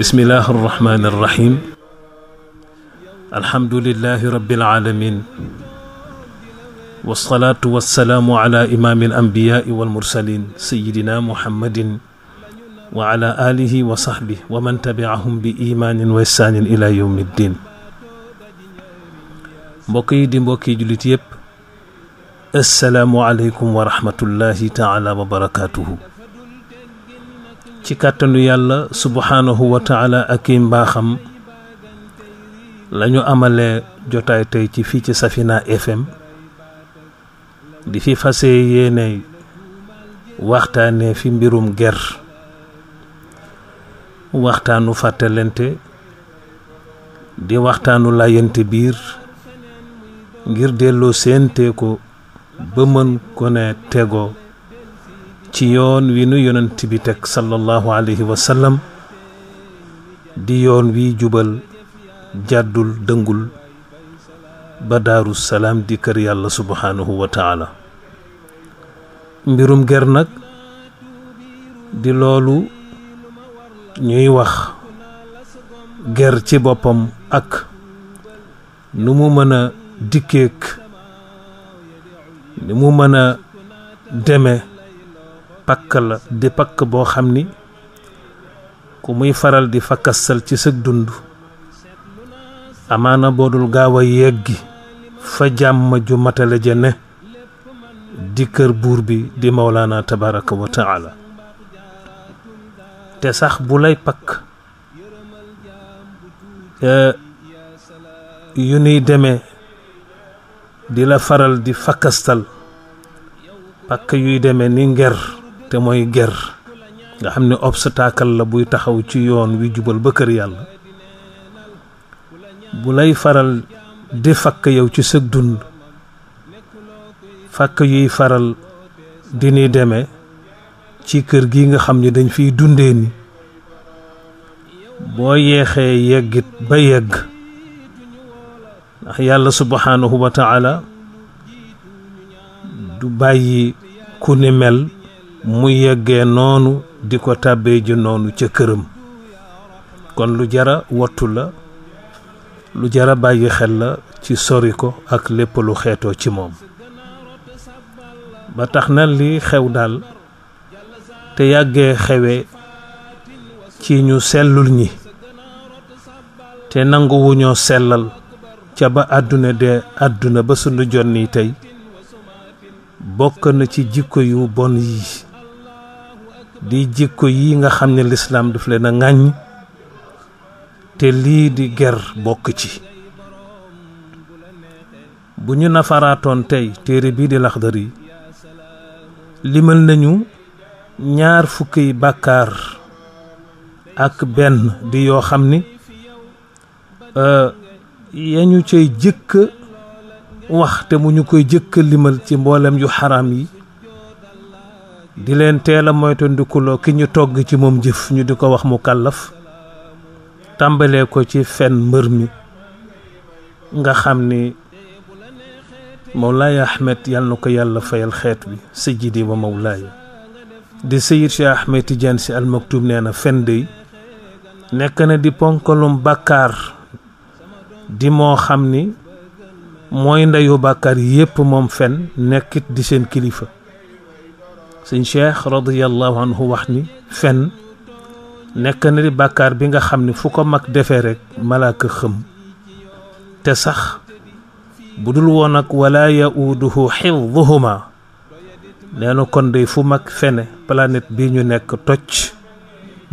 بسم الله الرحمن الرحيم الحمد لله رب العالمين والصلاة والسلام على إمام الأنبياء والمرسلين سيدنا محمد وعلى آله وصحبه ومن تبعهم بإيمان وإحسان إلى يوم الدين بقي دي بقي السلام عليكم ورحمة الله تعالى وبركاته ci kàttanu yàlla subhaanahu wa taala ak i mbaaxam lañu amalee jotaay tey ci fii ci Safina FM di fi fase yéene waxtaane fi mbirum ger waxtaanu fàttalente di waxtaanu layante biir ngir delloo séente ko ba mën ko ne tego ci yoon wi nu yonent bi teg sallallahu alayhi wa di yoon wi jubal jàddul dëngul ba daaru salaam di kër yàlla subhaanahu wa mbirum ger nag di loolu ñuy wax ger ci boppam ak nu mu mën a dikkeek ni mu mën a deme pakk la di pakk boo xam ni ku muy faral di fakkasal ci sëg dund amaana boo dul gaaw a yeggi fa jàmm ju matale ja ne di kër buur bi di mawlaana tabaraka wa taala te sax bu lay pakk e, yu nuy demee di la faral di fakkastal pakk yuy demee ni nger te mooy ger nga xam ne obstacle la buy taxaw ci yoon wi jubal ba kër yàlla bu lay faral di fakk yow ci sëg dund fakk yuy faral di ni demee ci kër gi nga xam ni dañ fiy dundee ni boo yeexee yeggit ba yegg ndax yàlla subhanahu wa taala du bàyyi ku ni mel mu yeggee noonu di ko tàbbee noonu ca këram kon lu jara wattu la lu jara bàyyi xel la ci sori ko ak lépp lu xeetoo ci moom ba tax na li xew daal te yàggee xewe ci ñu sellul ñi te nanguwuñoo sellal ca ba àdduna de àdduna ba sunu jonni tey bokk na ci jikko yu bon yi di jikko yi nga xam ne lislaam daf leen a ŋàññ te lii di ger bokk ci bu ñu nafaraatoon tey téere bii di Laxdari limal nañu ñaar fukki bàkkaar ak benn di yoo xam ni euh, ya ñu cay jëkk wax te mu ñu koy jëkk limal ci mboolem yu xaraam yi di leen teel a moytandikuloo ki ñu togg ci moom jëf ñu di ko wax mu kàllaf tàmbalee ko ci fen mbër nga xam ahmed yàl na ko fayal bi sajidi wa mawlaaya di sayid cheikh ahmed tidiane si al maktoum nee na fen day nekk na di ponkalum bakar di moo xam ni mooy bakar bàkkaar yépp moom fen di kilifa sëñ Cheikh radiyallahu anhu wax ni fen nekk na di bàkkaar bi nga xam ni fu ko mag defee rek malaaka xëm te sax bu dul woon ak wala yauduhu xifduhuma nee na kon de fu mag fene planète bi ñu nekk toj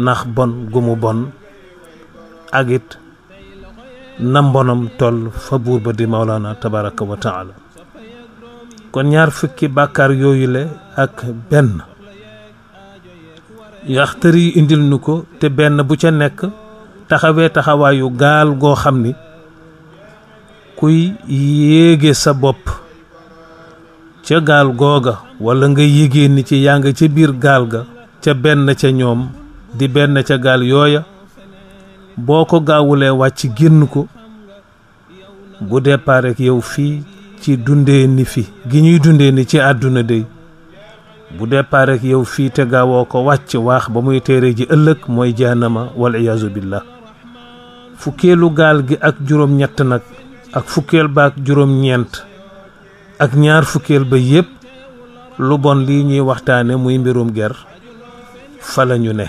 ndax bon gu mu bon ak it na mbonam toll fa buur ba di maulana tabaraka wa taala kon ñaar fukki bàkkaar yooyule ak benn yax tër indil nu ko te benn bu ca nekk taxawee taxawaayu gaal goo xam ni kuy yéege sa bopp ca gaal googa walla nga yégée ni ci yaa nga ca biir gaal ga ca benn ca ñoom di benn ca gaal yooya boo ko gaawulee wàcc génn ko bu départ ak yow fii ci dundee ni fi gi ñuy dundee ni ci àdduna day bu départ yow fii te gaawoo ko wàcc waax ba muy téere ji ëllëg mooy jahannama wal iyaazu billah fukkeelu gaal gi ak juróom-ñett nag ak fukkeel ba ak juróom-ñeent ak ñaar fukkeel ba yépp lu bon lii ñuy waxtaane muy mbirum ger fa lañu ne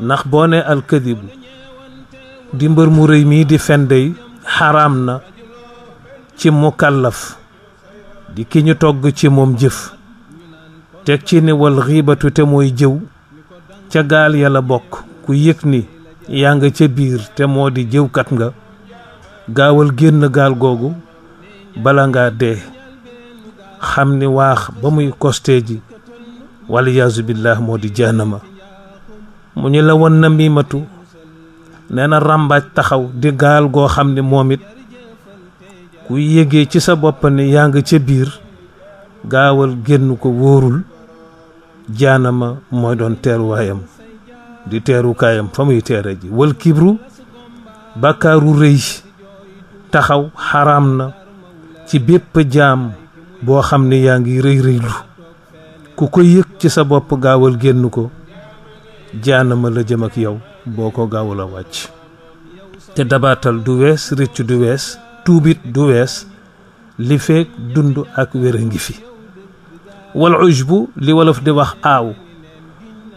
ndax boo ne alkadibu di mbër mu rëy mii di fen dey xaraam na ci mukallaf di ki ñu togg ci moom jëf teg ci ni wal xiibatu te mooy jëw ca gaal ya la bokk ku yëg ni yaa nga ca biir te moo di jëwkat nga gaawal génn gaal googu bala nga dee xam ni waax ba muy koste ji waliyaasu billah moo di jaanama mu ñu la won na miimatu nee na ràmbaaj taxaw di gaal goo xam ni moom it ku yëgee ci sa bopp ne yaa ngi ca biir gaawal génn ko wóorul jaanama mooy doon teeruwaayam di teerukaayam fa muy teere ji wal kibru bàkkaaru rëy taxaw xaraam na ci bépp jaam boo xam ne yaa ngi rëy rëylu ku ko yëg ci sa bopp gaawal génn ko jaanama la jëm ak yow boo ko gaawul a wàcc te dabaatal du wees rëccu du wees tubit du wees li feek dund ak wér ngi fi wal ujbu li wolof di wax aaw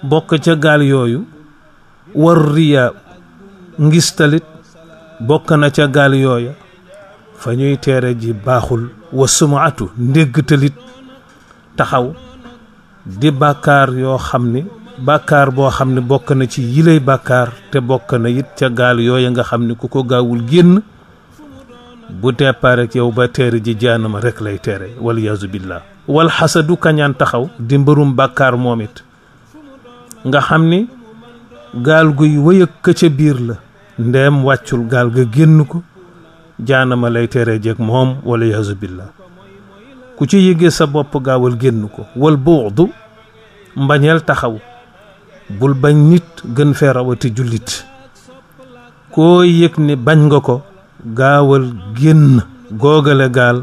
bokk ca gaal yooyu war riya ngistalit bokk na ca gaal yooya fa ñuy teere ji baaxul wa sumaatu ndéggtalit taxaw di bakar yoo xam ni boo xam na ci yilay bakar, te bokk na it ca gaal yooya nga xam ne ku ko bu départ ak yow ba teer ji jaanama rek lay teere wal yaasu billah wal xasadu kañaan taxaw di mbërum bàkkaar moom it nga xam ni gaal guy wëyëg ka biir la ndeem wàccul gaal ga génn ko jaanama lay teere jeeg moom wala yaasu billah ku ci yëgee sa bopp gaawal génn ko wal buuxdu mbañeel taxaw bul bañ nit gën fee rawati jullit koo yëg ni bañ nga ko gaawal génn googale gaal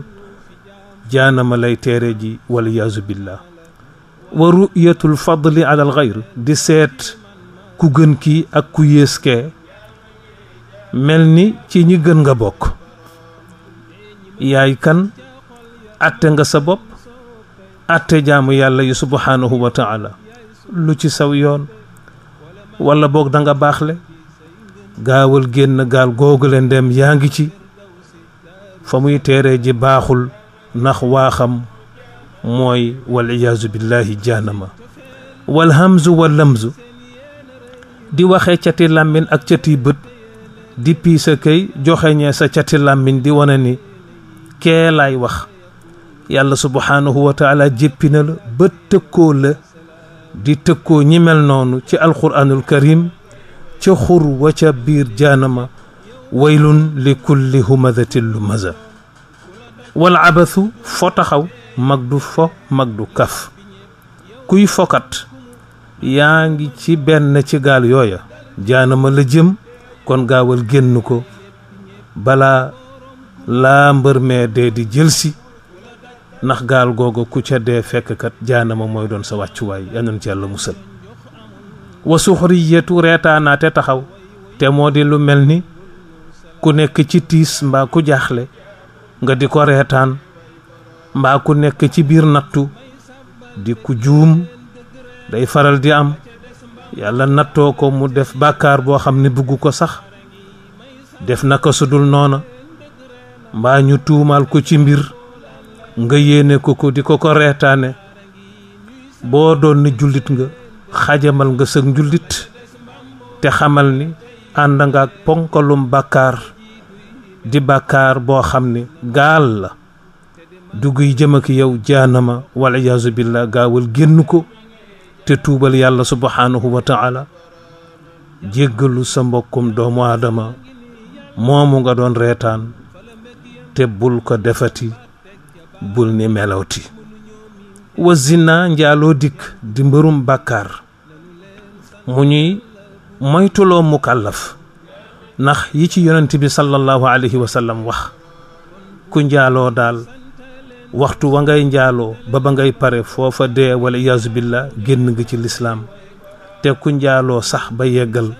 jaanama lay teere ji waliyaasu billah wa ruyatul fadli ala al di seet ku gën ki ak ku yées kee mel ni ci ñi gën nga bokk yaay kan atte nga sa bopp atte jaamu yàlla yi subhaanahu wa taala lu ci saw yoon wala boog danga nga baaxle gaawal génn gaal googule ndem yaa ngi ci fa muy teere ji baaxul ndax waaxam mooy waliyaazu billahi jaanama walhamzu wallamzu di waxe cati làmmiñ ak cati bët di piisa kay joxeñee sa cati làmmiñ di wane ni kee lay wax yàlla subhaanahu wa taala jéppina la ba tëkkoo la di tëkkoo ñi noonu ci alquranul karim ca xur wa ca biir jaanama waylun li kulli humadatin lu maza wal abathu fo taxaw mag du fo mag du kaf kuy fokat yaa ngi ci benn ci gaal yooya jaanama la jëm kon gaawal génn ko balaa la mbër mee dee di jëlsi ndax gaal googa ku ca dee fekk kat jaanama mooy doon sa wàccuwaay yal nañu ci musal wa suxriyatu reetaanaate taxaw te moo di lu mel ni ku nekk ci tiis mbaa ku jaaxle nga di ko reetaan mbaa ku nekk ci biir nattu di ku juum day faral di am yàlla nattoo ko mu def bàkkaar boo xam ne bugg ko sax def naka sudul noona mbaa ñu tuumaal ko ci mbir nga yéene ko ko di ko ko reetaane boo doon ne jullit nga xajamal nga sëg njullit te xamal ni ànd nga ak ponkalum bàkkaar di bakkaar boo xam ni gaal la dugguy jëm ak yow jaanama wal iyaazu billah gaawal génn ko te tuubal yàlla subhaanahu wa taala jéggalu sa mbokkum doomu aadama moomu nga doon reetaan te bul ko defati bul ni melawti wa zina njaaloo dikk di mbërum bàkkaar mu ñuy moytuloo mukallaf ndax yi ci yonent bi sallallahu alayhi wa sallam wax ku njaaloo daal waxtu wa ngay njaaloo ba ba ngay pare foofa dee wala iyaasu génn ngi ci lislaam te ku njaaloo sax ba yeggal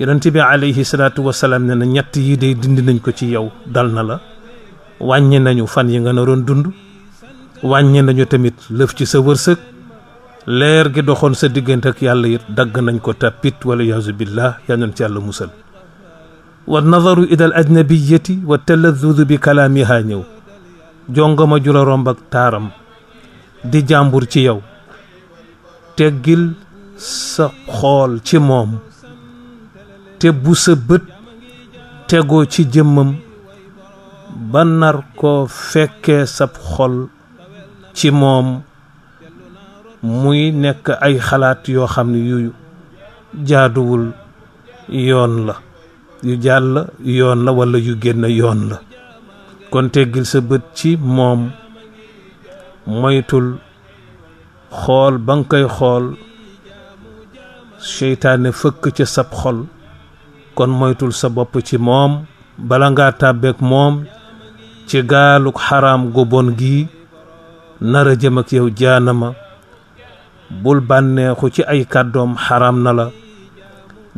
yonent bi alayhi salaatu wasalaam ne na ñett yi day dindi nañ ko ci yow dal na la wàññi nañu fan yi nga naroon dund wàññi nañu tamit lëf ci sa wërsëg leer gi doxoon sa diggante ak yàlla it dagg nañ ko tàppit wala yaasu billah yaa nañ ci yàlla musal wa nazaru idal ajnabiyati wa talazudu bi kalaamiha ñëw jongama jula romb ak taaram di jàmbur ci yow teggil sa xool ci moom te bu sa bët tegoo ci jëmmam ba nar ko fekkee sab xol ci moom muy nekk ay xalaat yoo xam ne yu jaaduwul yoon la yu jàll yoon la walla yu génn yoon la kon teggil sa bët ci moom moytul xool ba nga koy xool seytaane fëkk ca sab xol kon moytul sa bopp ci moom bala nga tàbbeek moom ci gaaluk xaram gu bon gii nar a jëm ak yow jaanama bul bànneexu ci ay kàddoom xaram na la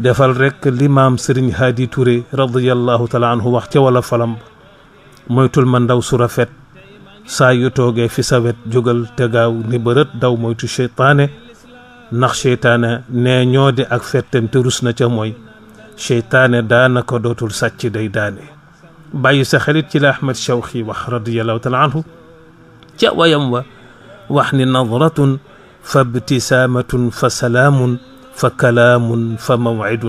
defal rekk limaam sëriñ haadi Touré radiyallahu taala anhu wax ca wala falam moytul ma ndaw su rafet saa yu toogee fi sa wet jógal te gaaw ni bërët daw moytu seytaane ndax seytaane nee ñoo di ak fettem te rus na ca mooy seytaane daanaka dootul sàcc day daane bàyyi sa xelit ci la Ahmed Shawqi wax radiyallahu taala anhu جوايم وحن نظرة فابتسامة فسلام فكلام فموعد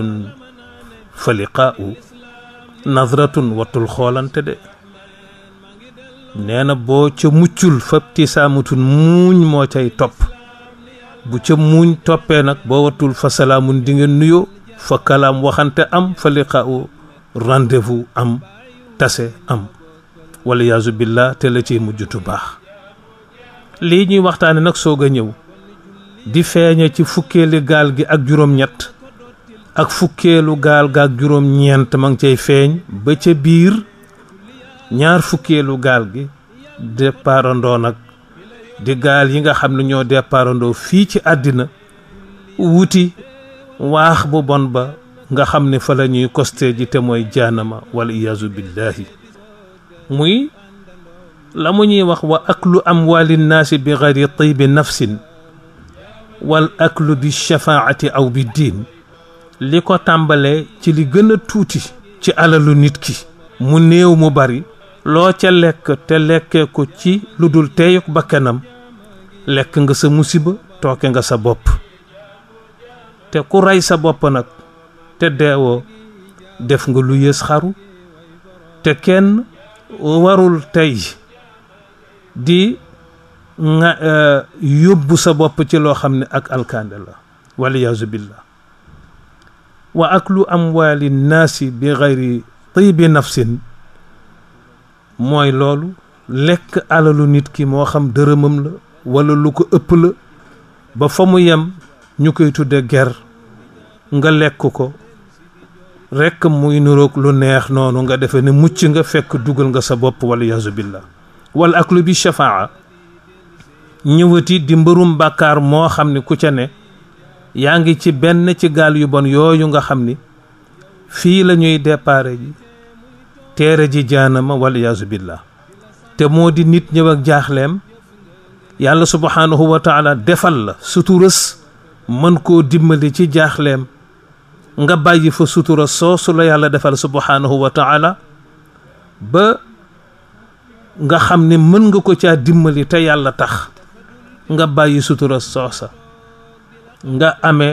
فلقاء نظرة وطل خولان تدي نانا بوچ مچول فابتسامة مون موچاي توب بوچ مون توبينك بوطل فسلام دينجن نيو فكلام وخانت أم فلقاء رندفو أم تسي أم وليازو بالله تلتي مجتو باخ lii ñuy waxtaane nag soog a ñëw di feeñe ci fukkeeli gaal gi ak juróom-ñett ak fukkeelu gaal ga ak juróom-ñeent ma ngi cay feeñ ba ca biir ñaar fukkeelu gaal gi déparandoo nag di gaal yi nga xam ne ñoo déparandoo fii ci àddina wuti waax bu bon ba nga xam ni fa la ñuy koste ji te mooy jaanama walla iyaazu billahi la mu ñuy wax wa aklu amwaali nnaasi bi gayri tibi nafsin wal aklu bi shafaati aw bi diin li ko tàmbalee ci li gën a tuuti ci alalu nit ki mu néew mu bari loo ca lekk te lekkee ko ci lu dul teeyuk bakkanam lekk nga sa musiba tooke nga sa bopp te ku rey sa bopp nag te deewoo def nga lu yées xaru te kenn warul tey di nga euh, yóbbu sa bopp ci loo xam ne ak alkaande la walla waliyaasu billah lu am amwaali naasi bi xayri tibi nafsin mooy loolu lekk alalu nit ki moo xam dërëmam la walla lu ko ëpp la ba fa mu yem ñu koy tudde ger nga lekk ko rekk muy nuroog lu neex noonu nga defe ne mucc nga fekk dugal nga sa bopp waliyaasu billah wal aklu bi shafaa ñëwati di mbërum bàkkaar moo xam ne ku ca ne yaa ngi ci benn ci gaal yu bon yooyu nga xam ni fii lañuy ñuy déparé ji teere ji jaanama wal iyaasu billah te moo di nit ñëw jaaxleem yàlla subhaanahu wa taala defal la suturas mën koo ci jaaxleem nga bàyyi fa sutura soosu la yàlla defal subhaanahu wa taala ba nga xam ni mën nga ko ca dimbali te yàlla tax nga bàyyi sutura soosa nga ame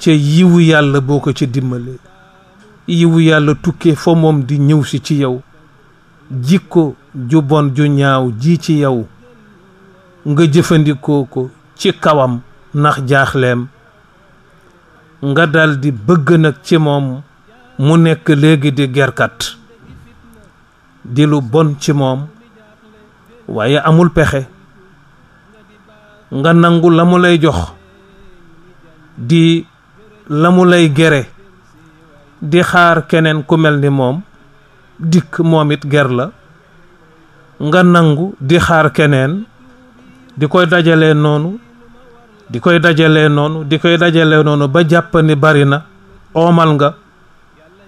ca yiwu yàlla boo ko ci dimbali yiwu yàlla tukke fa moom di ñëw si ci yow jikko ju bon ju ñaaw ji ci yow nga jëfandikoo ko ci kawam ndax jaaxleem nga daldi bëgg nag ci moom mu nekk léegi di gerkat di lu bon ci moom waaye amul pexe nga nangu la mu lay jox di la mu lay gere di xaar keneen ku mel ni moom dikk moom it ger la nga nangu di xaar keneen di koy dajale noonu di koy dajale noonu di koy dajale noonu ba jàpp ni bari na oomal nga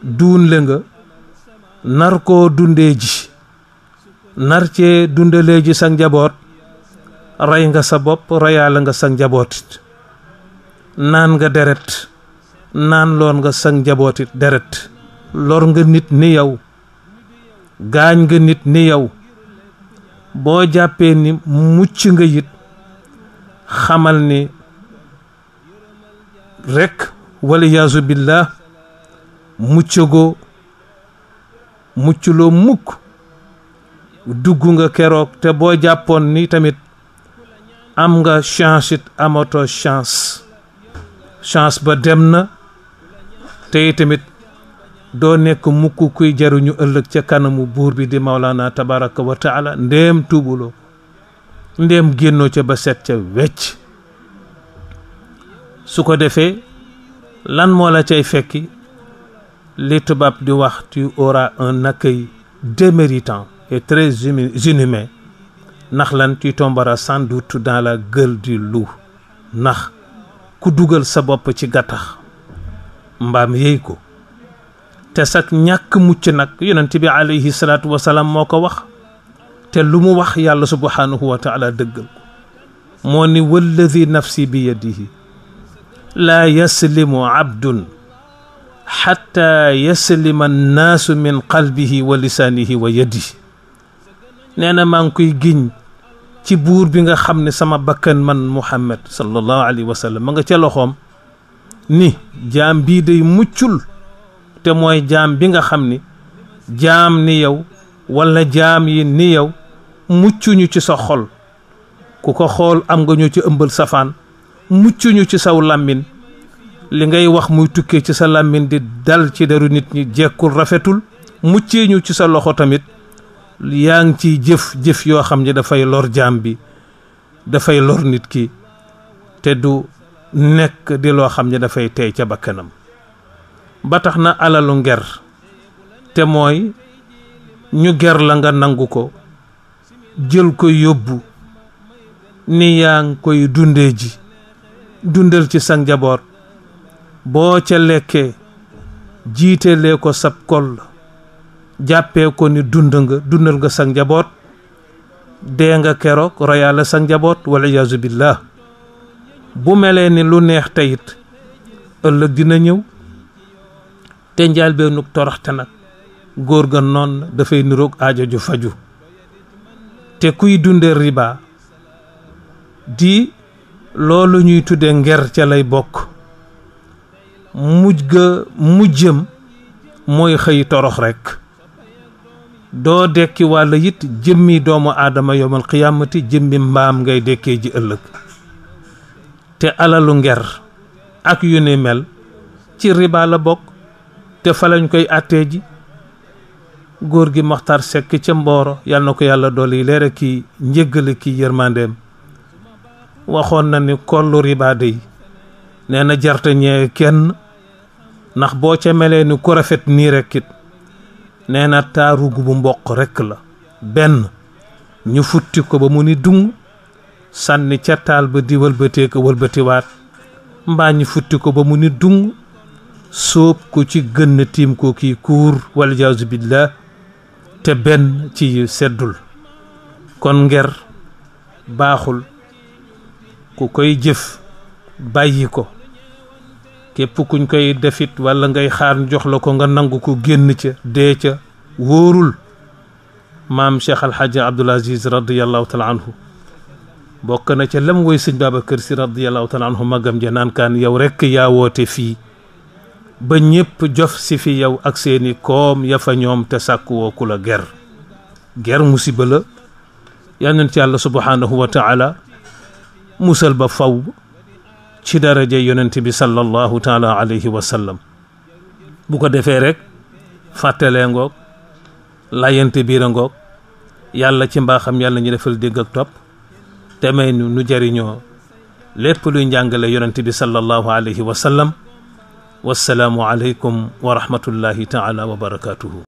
duun le nga nar koo dundee nar cee dundalee ji sa njaboot rey nga sa bopp reyaale nga sa njabootit naan nga deret naan loon nga sa njabootit deret lor nga nit ni yow gaañ nga nit ni yow boo jàppee ni mucc nga yit xamal ni rekk wala yaasu billah muccagoo mucculoo mukk dugg nga keroog te boo jàppoon ni tamit am nga chance it amatoo chance chance ba dem na tey tamit doo nekk mukk kuy jaruñu ëllëg ca kanamu buur bi di Maulana tabaraka wa taala ndéem tuubuloo ndéem génnoo ca ba set ca wecc su ko defee lan moo la cay fekki li tubaab di wax tu auras un accueil déméritant et très inhumain ndax lan tu tomberas sans doute dans la gueule du loup ndax ku dugal sa bopp ci gattax mbaam yey ko te sax ñàkk mucc nag yonent bi alayhi salaatu wasalaam moo ko wax te lu mu wax yàlla subhanahu wa taala dëggal ko moo ni walladi nafsi bi yadihi laa yaslimu abdun xatta yaslima annaasu min qalbihi wa lisaanihi wa yadihi nee na maa koy giñ ci buur bi nga xam ne sama bakkan man muhammad sallallahu alayhi wa sallam ma nga ca loxoom ni jaam bii day muccul te mooy jaam bi nga xam ni jaam ni yow walla jaam yi ni yow muccuñu ci sa ku ko xool am nga ñu ci ëmbal safaan muccuñu ci saw làmmin li ngay wax muy tukkee ci sa làmmiñ di dal ci daru nit ñi jekkul rafetul muccee ñu ci sa loxo tamit yaa ngi ciy jëf jëf yoo xam ne dafay lor jaam bi dafay lor nit ki te du nekk di loo xam ne dafay tey ca bàkkanam ba tax na alalu nger te mooy ñu ger la nga nangu ko jël ko yóbbu ni yaa ngi koy dunde ji dundal ci sa njaboot boo ca lekkee jiitelee ko sab koll jàppee ko ni dund nga dundal nga sa njaboot dee nga keroog royaale sa njaboot walla iyaazu billah bu melee ni lu neex teyit ëllëg dina ñëw te njaal beenug toroxte nag góor ga noon dafay niroog aajo ju faju te kuy dunde riba di loolu ñuy tudde nger ca lay bokk mujj ga mujjëm mooy xëy torox rekk doo dekki wàlla it jëmmi doomu aadama yowmal qiyaamati jëmmi mbaam ngay dekkee ji ëllëg te alalu nger ak yu ni mel ci riba la bokk te fa lañ koy àttee ji góor gi Maxtaar Sekk ca Mbooro yal ko yàlla dolli leere kii njëggale kii yërmandeem waxoon na ni kollu riba dey nee na jarte kenn ndax boo ca melee ni ku rafet nii rek it nee na taaru bu mboq rekk la benn ñu futti ko ba mu ni dung sànni ca taal ba di wëlbatee ko wëlbatiwaat mbaa futti ko ba mu ni dung soob ko ci gën tiim ko kii kuur wal jaasu billah te benn ci seddul kon nger baaxul ku koy jëf bàyyi ko képp kuñ koy defit walla ngay xaar jox la ko nga nangu ko génn ca dee ca wóorul maam cheikh alxaaji abdul aziz radiallahu taala anhu bokk na ca lam woy sëñ Babacar si radiallahu taala anhu magam ja naan kaan yow rekk yaa woote fii ba ñépp jof si fi yow ak seeni koom yafa ñoom te sàkkuwoo ku la ger ger musiba la yal nañ ci yàlla subhanahu wa taala musal ba faw ci daraja yonent bi sallallahu taala alayhi wa sallam ko defee rek fàttalee ngoog layante biir ngoog yàlla ci mbaaxam yàlla ñu defal dégg ak topp te may nu nu jëriñoo lépp luy njàngale yonent bi sallallahu alayhi wa sallam wasalaamu aleykum wa rahmatullahi taala wa barakatuhu